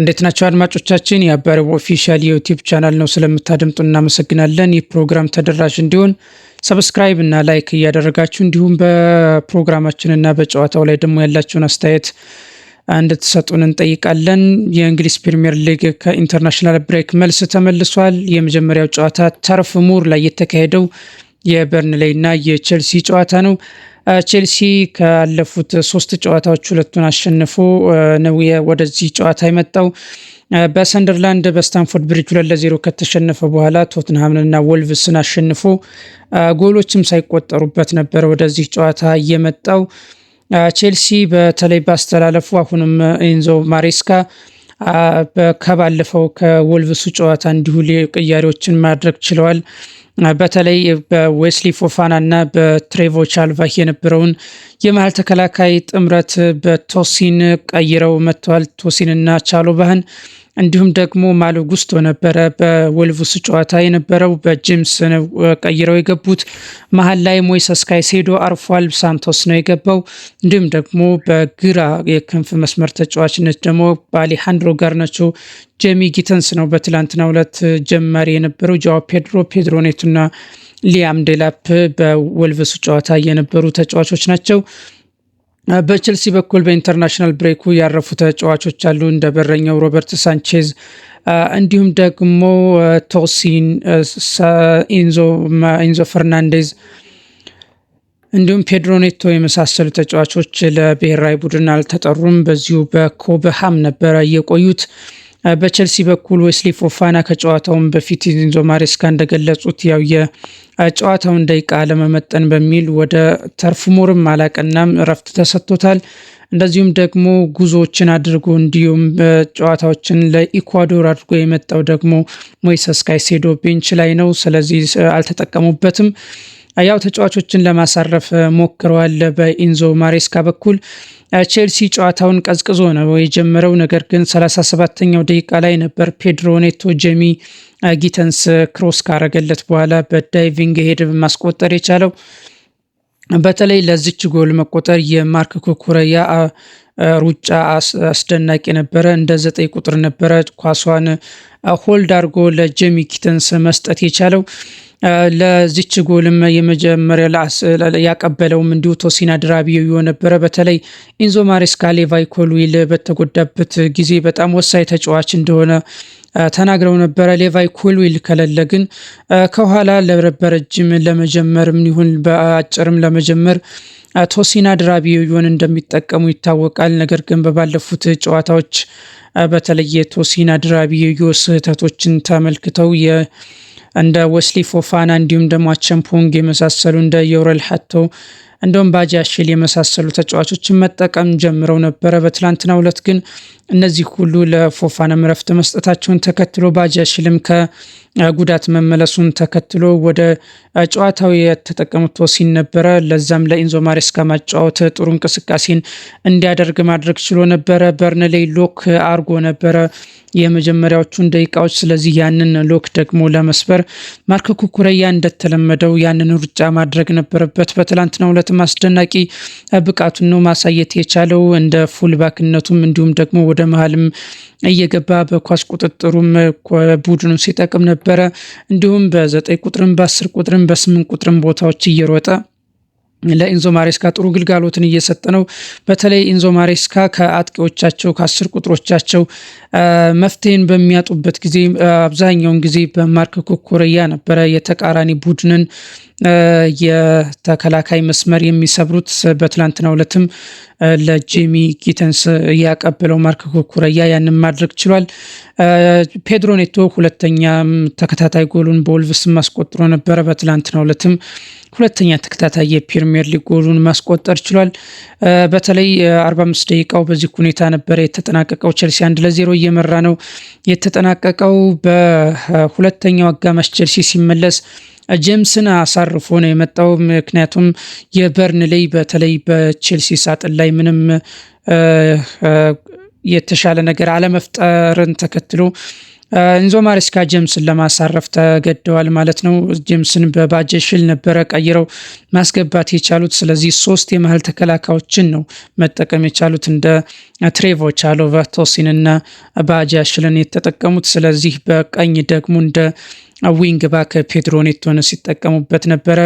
እንዴት ናቸው አድማጮቻችን? የአባረቡ ኦፊሻል የዩቲዩብ ቻናል ነው። ስለምታደምጡ እናመሰግናለን። ይህ ፕሮግራም ተደራሽ እንዲሆን ሰብስክራይብ እና ላይክ እያደረጋችሁ እንዲሁም በፕሮግራማችን እና በጨዋታው ላይ ደግሞ ያላችሁን አስተያየት እንድትሰጡን እንጠይቃለን። የእንግሊዝ ፕሪምየር ሊግ ከኢንተርናሽናል ብሬክ መልስ ተመልሷል። የመጀመሪያው ጨዋታ ተርፍ ሙር ላይ የተካሄደው የበርንሌይ እና የቼልሲ ጨዋታ ነው። ቼልሲ ካለፉት ሶስት ጨዋታዎች ሁለቱን አሸንፎ ነው ወደዚህ ጨዋታ የመጣው። በሰንደርላንድ በስታንፎርድ ብሪጅ ሁለት ለዜሮ ከተሸነፈ በኋላ ቶትንሃምንና ወልቭስን አሸንፎ ጎሎችም ሳይቆጠሩበት ነበር ወደዚህ ጨዋታ እየመጣው። ቼልሲ በተለይ ባስተላለፉ አሁንም ኢንዞ ማሬስካ ከባለፈው ከወልቭሱ ጨዋታ እንዲሁ ቅያሬዎችን ማድረግ ችለዋል። በተለይ በዌስሊ ፎፋና እና በትሬቮ ቻልቫህ የነበረውን የመሀል ተከላካይ ጥምረት በቶሲን ቀይረው መጥተዋል። ቶሲንና ቻሎባህን እንዲሁም ደግሞ ጉስቶ ነበረ በወልቭስ ጨዋታ የነበረው በጄምስ ነው ቀይረው የገቡት። መሀል ላይ ሞይሰስ ካይሴዶ አርፏል፣ ሳንቶስ ነው የገባው። እንዲሁም ደግሞ በግራ የክንፍ መስመር ተጫዋችነት ደግሞ በአሌሃንድሮ ጋርናቾ ጄሚ ጊተንስ ነው በትላንትናው ዕለት ጀማሪ የነበረው። ጃዋ ፔድሮ ኔቱና ሊያም ዴላፕ በወልቭስ ጨዋታ የነበሩ ተጫዋቾች ናቸው። በቼልሲ በኩል በኢንተርናሽናል ብሬኩ ያረፉ ተጫዋቾች አሉ። እንደ በረኛው ሮበርት ሳንቼዝ እንዲሁም ደግሞ ቶሲን፣ ኢንዞ ፈርናንዴዝ እንዲሁም ፔድሮ ኔቶ የመሳሰሉ ተጫዋቾች ለብሔራዊ ቡድን አልተጠሩም። በዚሁ በኮበሃም ነበረ የቆዩት። በቸልሲ በኩል ዌስሊ ፎፋና ከጨዋታውን በፊት ኢንዞ ማሬስካ እንደገለጹት ያው የጨዋታውን ደቂቃ ለመመጠን በሚል ወደ ተርፍ አላቀናም፣ እረፍት ተሰጥቶታል። እንደዚሁም ደግሞ ጉዞዎችን አድርጎ እንዲሁም ጨዋታዎችን ለኢኳዶር አድርጎ የመጣው ደግሞ ሞይሰስ ካይሴዶ ቤንች ላይ ነው። ስለዚህ አልተጠቀሙበትም። ያው ተጫዋቾችን ለማሳረፍ ሞክረዋል በኢንዞ ማሬስካ በኩል ቼልሲ ጨዋታውን ቀዝቅዞ ነው የጀመረው። ነገር ግን 37ኛው ደቂቃ ላይ ነበር ፔድሮ ኔቶ ጀሚ ጊተንስ ክሮስ ካረገለት በኋላ በዳይቪንግ ሄድ ማስቆጠር የቻለው። በተለይ ለዚች ጎል መቆጠር የማርክ ኩኩረያ ሩጫ አስደናቂ ነበረ። እንደ ዘጠኝ ቁጥር ነበረ ኳሷን ሆልድ አድርጎ ለጀሚ ጊተንስ መስጠት የቻለው። ለዚች ጎልም የመጀመሪያ ያቀበለውም እንዲሁ ቶሲን አድራቢዮ ነበረ። በተለይ ኢንዞ ማሬስካ ሌቫይ ኮልዊል በተጎዳበት ጊዜ በጣም ወሳኝ ተጫዋች እንደሆነ ተናግረው ነበረ። ሌቫይ ኮልዊል ከሌለ ግን ከኋላ ለረጅም ለመጀመርም ይሁን በአጭርም ለመጀመር ቶሲን አድራቢዮን እንደሚጠቀሙ ይታወቃል። ነገር ግን በባለፉት ጨዋታዎች በተለየ ቶሲን አድራቢዮ ስህተቶችን ተመልክተው እንደ ወስሊ ፎፋና እንዲሁም ደግሞ አቸምፖንግ የመሳሰሉ እንደ ዮረል ሀቶ እንደውም ባጃሽል የመሳሰሉ ተጫዋቾችን መጠቀም ጀምረው ነበረ። በትላንትናው ዕለት ግን እነዚህ ሁሉ ለፎፋናም እረፍት መስጠታቸውን ተከትሎ ባጃሽልም ከጉዳት መመለሱን ተከትሎ ወደ ጨዋታው የተጠቀሙት ወሲን ነበረ። ለዛም ለኢንዞ ማሬስካ ማጫወት ጥሩ እንቅስቃሴን እንዲያደርግ ማድረግ ችሎ ነበረ። በርንሌይ ሎክ አርጎ ነበረ የመጀመሪያዎቹን ደቂቃዎች። ስለዚህ ያንን ሎክ ደግሞ ለመስበር ማርክ ኩኩረያ እንደተለመደው ያንን ሩጫ ማድረግ ነበረበት። በትላንትናው ዕለት በማስገባትም አስደናቂ ብቃቱን ነው ማሳየት የቻለው። እንደ ፉልባክነቱም እንዲሁም ደግሞ ወደ መሀልም እየገባ በኳስ ቁጥጥሩም ቡድኑ ሲጠቅም ነበረ። እንዲሁም በዘጠኝ ቁጥርም በአስር ቁጥርም በስምንት ቁጥርም ቦታዎች እየሮጠ ለኢንዞ ማሬስካ ጥሩ ግልጋሎትን እየሰጠ ነው። በተለይ ኢንዞ ማሬስካ ከአጥቂዎቻቸው ከአስር ቁጥሮቻቸው መፍትሄን በሚያጡበት ጊዜ አብዛኛውን ጊዜ በማርክ ኮኮረያ ነበረ የተቃራኒ ቡድንን የተከላካይ መስመር የሚሰብሩት። በትላንትናው ዕለትም ለጄሚ ጊተንስ እያቀበለው ማርክ ኮኩረያ ያንን ማድረግ ችሏል። ፔድሮ ኔቶ ሁለተኛ ተከታታይ ጎሉን በወልቭስ አስቆጥሮ ነበረ። በትላንትናው ዕለትም ሁለተኛ ተከታታይ የፕሪሚየር ሊግ ጎሉን ማስቆጠር ችሏል። በተለይ 45 ደቂቃው በዚህ ሁኔታ ነበረ የተጠናቀቀው። ቸልሲ አንድ ለዜሮ እየመራ ነው የተጠናቀቀው። በሁለተኛው አጋማሽ ቸልሲ ሲመለስ ጄምስን አሳርፎ ነው የመጣው። ምክንያቱም የበርንሌ በተለይ በቼልሲ ሳጥን ላይ ምንም የተሻለ ነገር አለመፍጠርን ተከትሎ እንዞ ማሪስካ ጄምስን ለማሳረፍ ተገደዋል ማለት ነው። ጄምስን በባጀ ሽል ነበረ ቀይረው ማስገባት የቻሉት። ስለዚህ ሶስት የመሀል ተከላካዮችን ነው መጠቀም የቻሉት እንደ ትሬቮ ቻሎ፣ እና ባጃ ሽልን የተጠቀሙት። ስለዚህ በቀኝ ደግሞ እንደ ዊንግ ባክ ፔድሮ ኔቶን ሲጠቀሙበት ነበረ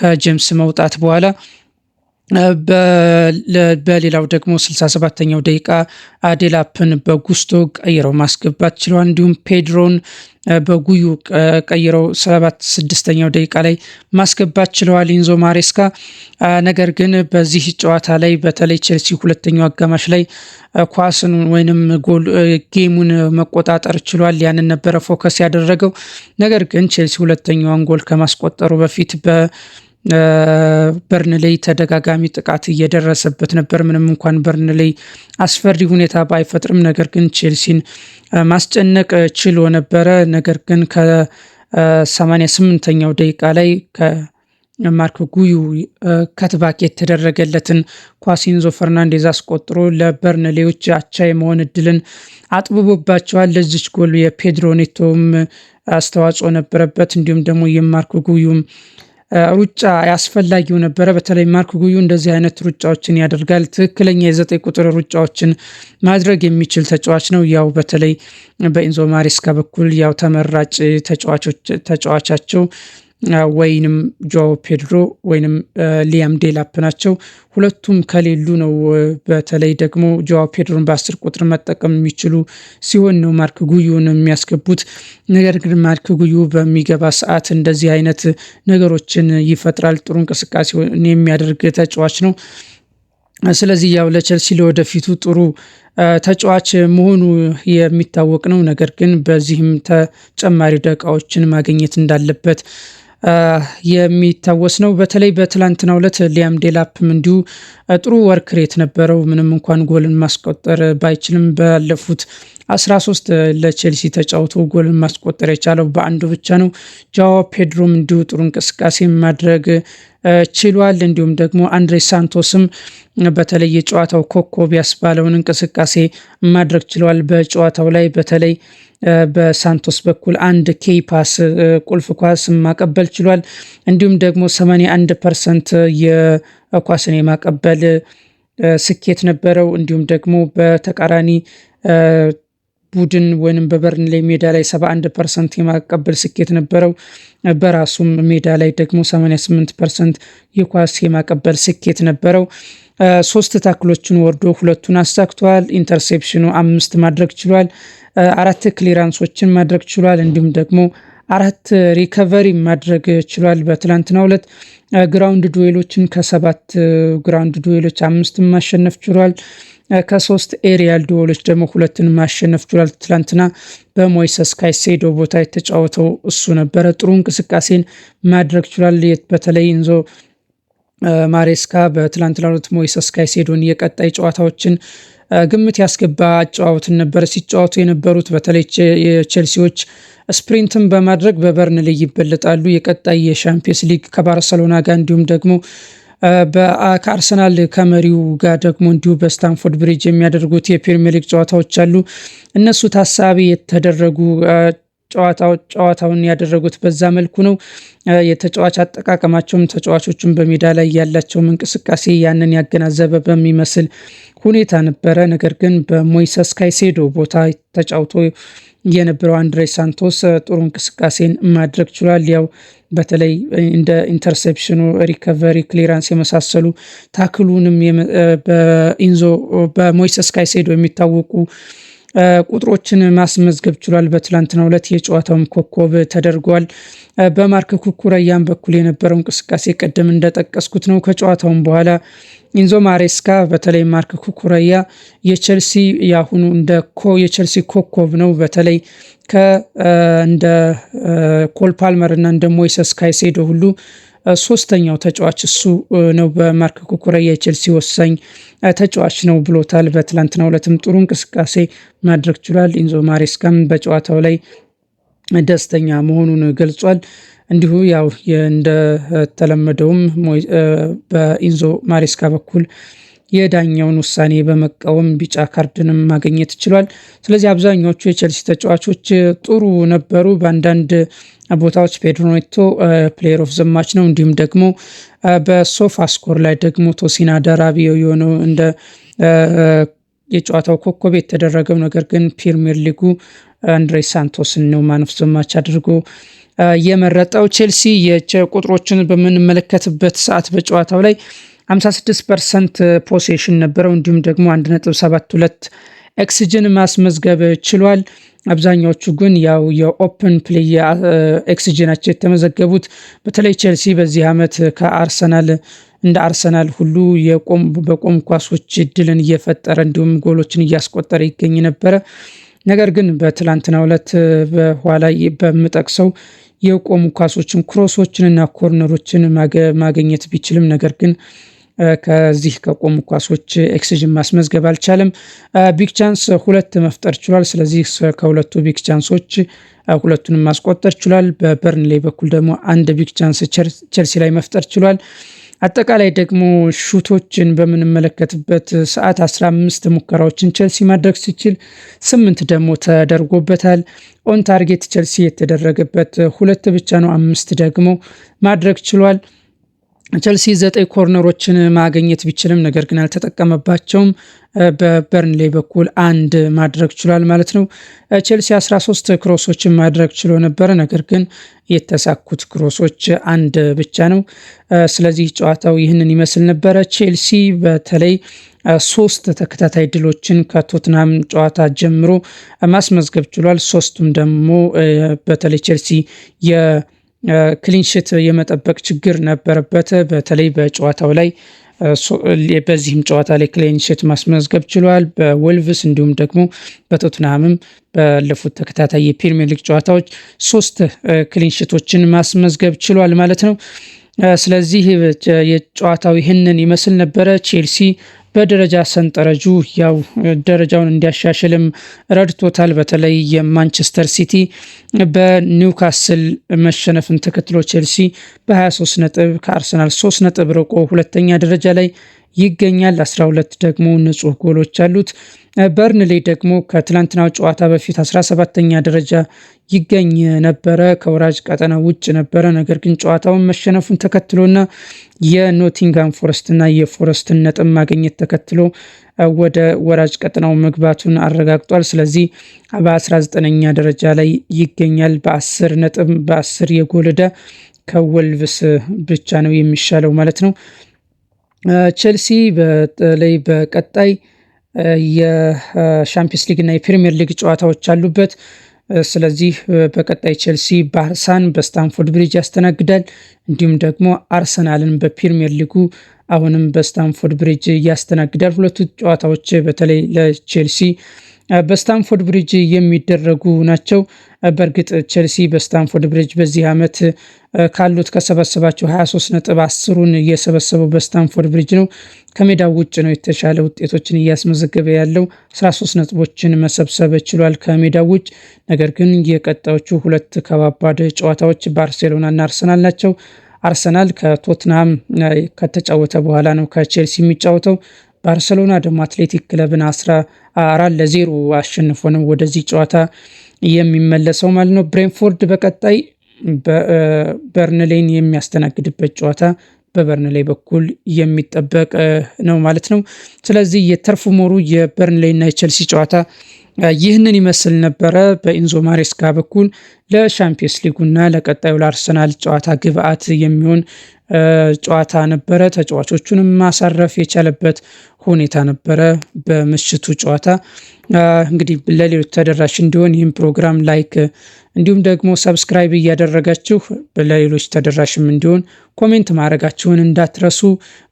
ከጄምስ መውጣት በኋላ በሌላው ደግሞ 67ኛው ደቂቃ አዴላፕን በጉስቶ ቀይረው ማስገባት ችለዋል። እንዲሁም ፔድሮን በጉዩ ቀይረው 76ኛው ደቂቃ ላይ ማስገባት ችለዋል ኢንዞ ማሬስካ። ነገር ግን በዚህ ጨዋታ ላይ በተለይ ቼልሲ ሁለተኛው አጋማሽ ላይ ኳስን ወይንም ጎል ጌሙን መቆጣጠር ችሏል። ያንን ነበረ ፎከስ ያደረገው። ነገር ግን ቼልሲ ሁለተኛውን ጎል ከማስቆጠሩ በፊት በ በርንሌይ ተደጋጋሚ ጥቃት እየደረሰበት ነበር። ምንም እንኳን በርንሌይ አስፈሪ ሁኔታ ባይፈጥርም ነገር ግን ቼልሲን ማስጨነቅ ችሎ ነበረ። ነገር ግን ከ88ኛው ደቂቃ ላይ ከማርክ ጉዩ ከትባክ የተደረገለትን ኳስ ኢንዞ ፈርናንዴዝ አስቆጥሮ ለበርንሌዎች አቻ የመሆን እድልን አጥብቦባቸዋል። ለዚች ጎል የፔድሮ ኔቶም አስተዋጽኦ ነበረበት። እንዲሁም ደግሞ የማርክ ጉዩም ሩጫ ያስፈላጊው ነበረ። በተለይ ማርክ ጉዩ እንደዚህ አይነት ሩጫዎችን ያደርጋል። ትክክለኛ የዘጠኝ ቁጥር ሩጫዎችን ማድረግ የሚችል ተጫዋች ነው። ያው በተለይ በኢንዞ ማሪስካ በኩል ያው ተመራጭ ተጫዋቾች ተጫዋቻቸው ወይንም ጆ ፔድሮ ወይንም ሊያም ዴላፕ ናቸው። ሁለቱም ከሌሉ ነው። በተለይ ደግሞ ጆ ፔድሮን በአስር ቁጥር መጠቀም የሚችሉ ሲሆን ነው ማርክ ጉዩን የሚያስገቡት። ነገር ግን ማርክ ጉዩ በሚገባ ሰዓት እንደዚህ አይነት ነገሮችን ይፈጥራል። ጥሩ እንቅስቃሴ የሚያደርግ ተጫዋች ነው። ስለዚህ ያው ለቸልሲ ለወደፊቱ ጥሩ ተጫዋች መሆኑ የሚታወቅ ነው። ነገር ግን በዚህም ተጨማሪ ደቃዎችን ማግኘት እንዳለበት የሚታወስ ነው። በተለይ በትላንትናው ዕለት ሊያም ዴላፕም እንዲሁ ጥሩ ወርክ ሬት ነበረው። ምንም እንኳን ጎልን ማስቆጠር ባይችልም ባለፉት 13 ለቼልሲ ተጫውቶ ጎልን ማስቆጠር የቻለው በአንዱ ብቻ ነው። ጃዋ ፔድሮም እንዲሁ ጥሩ እንቅስቃሴ ማድረግ ችሏል። እንዲሁም ደግሞ አንድሬ ሳንቶስም በተለይ የጨዋታው ኮከብ ያስባለውን እንቅስቃሴ ማድረግ ችሏል። በጨዋታው ላይ በተለይ በሳንቶስ በኩል አንድ ኬይ ፓስ ቁልፍ ኳስ ማቀበል ችሏል። እንዲሁም ደግሞ 81 ፐርሰንት የኳስን የማቀበል ስኬት ነበረው። እንዲሁም ደግሞ በተቃራኒ ቡድን ወይም ላይ ሜዳ ላይ 71 ፐርሰንት የማቀበል ስኬት ነበረው። በራሱም ሜዳ ላይ ደግሞ 88 ፐርሰንት የኳስ የማቀበል ስኬት ነበረው። ሶስት ታክሎችን ወርዶ ሁለቱን አሳክቷል። ኢንተርሴፕሽኑ አምስት ማድረግ ችሏል። አራት ክሊራንሶችን ማድረግ ችሏል። እንዲሁም ደግሞ አራት ሪከቨሪ ማድረግ ችሏል። በትላንትናው ዕለት ግራውንድ ዱዌሎችን ከሰባት ግራውንድ ዱዌሎች አምስትን ማሸነፍ ችሏል። ከሶስት ኤሪያል ዱዌሎች ደግሞ ሁለትን ማሸነፍ ችሏል። ትላንትና በሞይሰስ ካይሴዶ ቦታ የተጫወተው እሱ ነበረ። ጥሩ እንቅስቃሴን ማድረግ ችሏል። በተለይ እንዞ ማሬስካ በትላንትናው ዕለት ሞይሰስ ካይሴዶን የቀጣይ ጨዋታዎችን ግምት ያስገባ አጨዋወትን ነበር ሲጫወቱ የነበሩት። በተለይ የቼልሲዎች ስፕሪንትን በማድረግ በበርንሌ ይበለጣሉ። የቀጣይ የሻምፒየንስ ሊግ ከባርሰሎና ጋር እንዲሁም ደግሞ ከአርሰናል ከመሪው ጋር ደግሞ እንዲሁ በስታንፎርድ ብሪጅ የሚያደርጉት የፕሪሚየር ሊግ ጨዋታዎች አሉ። እነሱ ታሳቢ የተደረጉ ጨዋታውን ያደረጉት በዛ መልኩ ነው። የተጫዋች አጠቃቀማቸውም ተጫዋቾቹም በሜዳ ላይ ያላቸውም እንቅስቃሴ ያንን ያገናዘበ በሚመስል ሁኔታ ነበረ። ነገር ግን በሞይሰስ ካይሴዶ ቦታ ተጫውቶ የነበረው አንድሬ ሳንቶስ ጥሩ እንቅስቃሴን ማድረግ ችሏል። ያው በተለይ እንደ ኢንተርሴፕሽኑ፣ ሪከቨሪ፣ ክሊራንስ የመሳሰሉ ታክሉንም በኢንዞ በሞይሰስ ካይሴዶ የሚታወቁ ቁጥሮችን ማስመዝገብ ችሏል። በትላንትናው ዕለት የጨዋታውም ኮከብ ተደርጓል። በማርክ ኩኩረያን በኩል የነበረው እንቅስቃሴ ቀደም እንደጠቀስኩት ነው። ከጨዋታውም በኋላ ኢንዞ ማሬስካ በተለይ ማርክ ኩኩረያ የቸልሲ ያሁኑ እንደ ኮ የቸልሲ ኮከብ ነው። በተለይ እንደ ኮል ፓልመር ፓልመርና እንደ ሞይሰስ ካይሴዶ ሁሉ ሶስተኛው ተጫዋች እሱ ነው። በማርክ ኩኩረያ የቸልሲ ወሳኝ ተጫዋች ነው ብሎታል። በትላንትናው ዕለትም ጥሩ እንቅስቃሴ ማድረግ ችሏል። ኢንዞ ማሬስካም በጨዋታው ላይ ደስተኛ መሆኑን ገልጿል። እንዲሁ ያው እንደተለመደውም በኢንዞ ማሬስካ በኩል የዳኛውን ውሳኔ በመቃወም ቢጫ ካርድንም ማግኘት ችሏል። ስለዚህ አብዛኛዎቹ የቼልሲ ተጫዋቾች ጥሩ ነበሩ። በአንዳንድ ቦታዎች ፔድሮ ኔቶ ፕሌየር ኦፍ ዘማች ነው። እንዲሁም ደግሞ በሶፋ ስኮር ላይ ደግሞ ቶሲና ደራቢ የሆነው እንደ የጨዋታው ኮከብ የተደረገው ነገር ግን ፕሪሚየር ሊጉ አንድሬ ሳንቶስን ነው ማን ኦፍ አድርጎ የመረጠው ቼልሲ ቁጥሮችን በምንመለከትበት ሰዓት በጨዋታው ላይ 56 ፐርሰንት ፖሴሽን ነበረው። እንዲሁም ደግሞ 1.72 ኤክስጅን ማስመዝገብ ችሏል። አብዛኛዎቹ ግን ያው የኦፕን ፕሌይ ኤክስጅናቸው የተመዘገቡት በተለይ ቼልሲ በዚህ ዓመት ከአርሰናል እንደ አርሰናል ሁሉ በቆም ኳሶች ድልን እየፈጠረ እንዲሁም ጎሎችን እያስቆጠረ ይገኝ ነበረ። ነገር ግን በትላንትናው ዕለት በኋላ በምጠቅሰው የቆሙ ኳሶችን ክሮሶችንና ኮርነሮችን ማግኘት ቢችልም ነገር ግን ከዚህ ከቆሙ ኳሶች ኤክስጅን ማስመዝገብ አልቻለም። ቢግ ቻንስ ሁለት መፍጠር ችሏል። ስለዚህ ከሁለቱ ቢግ ቻንሶች ሁለቱንም ማስቆጠር ችሏል። በበርንሌይ በኩል ደግሞ አንድ ቢግ ቻንስ ቸልሲ ላይ መፍጠር ችሏል። አጠቃላይ ደግሞ ሹቶችን በምንመለከትበት ሰዓት 15 ሙከራዎችን ቸልሲ ማድረግ ሲችል ስምንት ደግሞ ተደርጎበታል። ኦን ታርጌት ቸልሲ የተደረገበት ሁለት ብቻ ነው፣ አምስት ደግሞ ማድረግ ችሏል። ቸልሲ ዘጠኝ ኮርነሮችን ማግኘት ቢችልም ነገር ግን አልተጠቀመባቸውም። በበርንሌ በኩል አንድ ማድረግ ችሏል ማለት ነው። ቸልሲ 13 ክሮሶችን ማድረግ ችሎ ነበረ፣ ነገር ግን የተሳኩት ክሮሶች አንድ ብቻ ነው። ስለዚህ ጨዋታው ይህንን ይመስል ነበረ። ቼልሲ በተለይ ሶስት ተከታታይ ድሎችን ከቶትናም ጨዋታ ጀምሮ ማስመዝገብ ችሏል። ሶስቱም ደግሞ በተለይ ቼልሲ ክሊንሽት የመጠበቅ ችግር ነበረበት። በተለይ በጨዋታው ላይ በዚህም ጨዋታ ላይ ክሊንሽት ማስመዝገብ ችሏል። በወልቭስ እንዲሁም ደግሞ በቶትናምም ባለፉት ተከታታይ የፕሪሚየር ሊግ ጨዋታዎች ሶስት ክሊንሽቶችን ማስመዝገብ ችሏል ማለት ነው። ስለዚህ የጨዋታው ይህንን ይመስል ነበረ። ቼልሲ በደረጃ ሰንጠረጁ ያው ደረጃውን እንዲያሻሽልም ረድቶታል። በተለይ የማንቸስተር ሲቲ በኒውካስል መሸነፍን ተከትሎ ቼልሲ በ23 ነጥብ ከአርሰናል 3 ነጥብ ርቆ ሁለተኛ ደረጃ ላይ ይገኛል። 12 ደግሞ ንጹህ ጎሎች አሉት። በርንሌ ደግሞ ከትላንትናው ጨዋታ በፊት 17 ኛ ደረጃ ይገኝ ነበረ። ከወራጅ ቀጠና ውጭ ነበረ። ነገር ግን ጨዋታውን መሸነፉን ተከትሎና የኖቲንጋም ፎረስትና የፎረስትን ነጥብ ማግኘት ተከትሎ ወደ ወራጅ ቀጠናው መግባቱን አረጋግጧል። ስለዚህ በ19ኛ ደረጃ ላይ ይገኛል። በ10 ነጥብ በ10 የጎል ዕዳ ከወልቭስ ብቻ ነው የሚሻለው ማለት ነው። ቼልሲ በተለይ በቀጣይ የሻምፒየንስ ሊግ እና የፕሪሚየር ሊግ ጨዋታዎች አሉበት። ስለዚህ በቀጣይ ቼልሲ ባርሳን በስታንፎርድ ብሪጅ ያስተናግዳል። እንዲሁም ደግሞ አርሰናልን በፕሪሚየር ሊጉ አሁንም በስታንፎርድ ብሪጅ ያስተናግዳል። ሁለቱ ጨዋታዎች በተለይ ለቼልሲ በስታንፎርድ ብሪጅ የሚደረጉ ናቸው። በእርግጥ ቸልሲ በስታንፎርድ ብሪጅ በዚህ ዓመት ካሉት ከሰበሰባቸው 23 ነጥብ አስሩን እየሰበሰበው በስታንፎርድ ብሪጅ ነው። ከሜዳው ውጭ ነው የተሻለ ውጤቶችን እያስመዘገበ ያለው 13 ነጥቦችን መሰብሰብ ችሏል ከሜዳው ውጭ። ነገር ግን የቀጣዮቹ ሁለት ከባባድ ጨዋታዎች ባርሴሎናና አርሰናል ናቸው። አርሰናል ከቶትናም ከተጫወተ በኋላ ነው ከቼልሲ የሚጫወተው። ባርሰሎና ደግሞ አትሌቲክ ክለብን አስራ አራት ለዜሮ አሸንፎ ነው ወደዚህ ጨዋታ የሚመለሰው ማለት ነው። ብሬንፎርድ በቀጣይ በበርንሌን የሚያስተናግድበት ጨዋታ በበርንሌይ በኩል የሚጠበቅ ነው ማለት ነው። ስለዚህ የተርፉ ሞሩ የበርንሌይና የቸልሲ ጨዋታ ይህንን ይመስል ነበረ። በኢንዞ ማሬስካ በኩል ለሻምፒየንስ ሊጉና ለቀጣዩ ለአርሰናል ጨዋታ ግብአት የሚሆን ጨዋታ ነበረ። ተጫዋቾቹንም ማሳረፍ የቻለበት ሁኔታ ነበረ በምሽቱ ጨዋታ። እንግዲህ ለሌሎች ተደራሽ እንዲሆን ይህም ፕሮግራም ላይክ እንዲሁም ደግሞ ሰብስክራይብ እያደረጋችሁ ለሌሎች ተደራሽም እንዲሆን ኮሜንት ማድረጋችሁን እንዳትረሱ።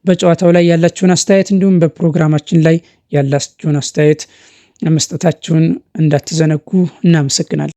በጨዋታው ላይ ያላችሁን አስተያየት እንዲሁም በፕሮግራማችን ላይ ያላችሁን አስተያየት መስጠታችሁን እንዳትዘነጉ። እናመሰግናለን።